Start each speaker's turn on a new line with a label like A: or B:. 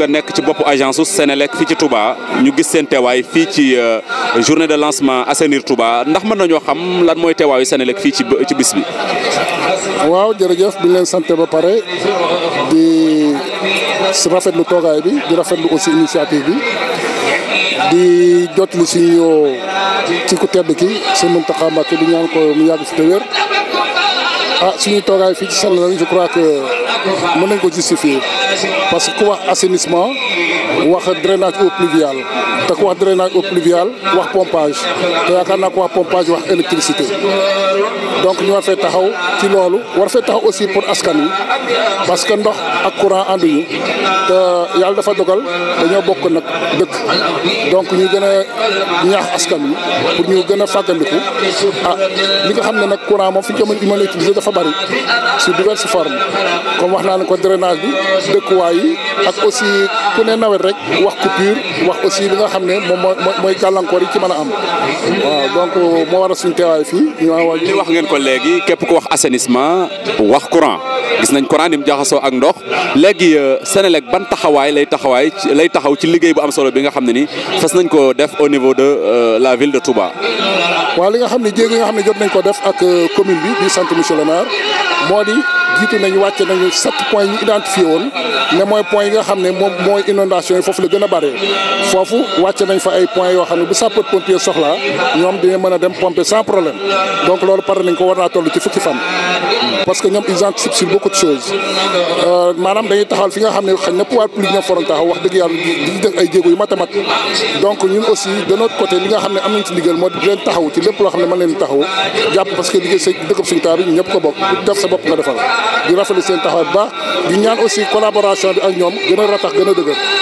A: nga nekk ci bopp agence su Senelec fii ci Touba ñu gis seen teewaay fii ci euh, journée de lancement Assainir Touba ndax mën nañoo xam lan mooy teewaayu Senelec fii ci ci bis bi.
B: waaw jërëjëf bi leen sant ba pare di rafetlu toogaay bi di rafetlu aussi initiative bi di jot li si ñëw ci ku tedd ki Sëñ Mountakha Mbacké di ñaan ko mu yàgg fi te ah suñuy toogaay fii ci Senelec je crois que mën nañ ko justifier parce que ku wax assainissement wax drainage eau pluvial te ku wax drainage eau pluvial wax pompage te yaakaar naa ko wax pompage wax électricité donc ñu war fee taxaw ci loolu war fee taxaw aussi pour askan wi parce que ndox ak courant ànduñu te yàlla dafa dogal dañoo bokk nag dëkk donc ñu gën a ñaax askan wi pour ñu gën a fàggandiku ah li nga xam ne nag courant moom fi ñu ko dafa bari sous diverses formes comme wax naa ne ko drainage bi dëkkuwaay ak aussi ku ne nawet rek wax coupure wax aussi li nga xam ne moom mooy gàllankoor yi ci mën am waaw donc moo war a suñ teewaay fii ñu
A: wax ngeen ko léegi képp ku wax assainissement wax courant gis nañ courant ni mu jaxasoo ak ndox léegi euh, Senelec ban taxawaay lay taxawaay lay taxaw ci liggéey bu am solo bi nga xam ne ni fas nañ ko def au niveau de euh, la ville de Touba
B: euh, commune bi di sant monsieur Senghor moo di jiitu nañu wàcce nañu sept points yi ñu identifié woon ne mooy points yi nga xam ne moom mooy inondation yi foofu la gën a bëree foofu wàcce nañ fa ay points yoo xam ne bu sapeur pompier soxlaa ñoom dina mën a dem pomper sans problème donc loolu pare nañ ko war naa toll ci fukki fan. parce que ñoom ils anticipent sur beaucoup de choses euh, maanaam dañuy taxawal fi nga xam ne xëy na pouvoir public ñoom foron taxaw wax dëgg yàlla di def ay jéego yu mat a donc ñun aussi de am nañ ci ndigal moo loo xam ne mën leen bopp nga defal di rafetlu seen taxawaay bu baax di ñaan aussi collaboration bi ak ñoom gën a ratax gën dëgër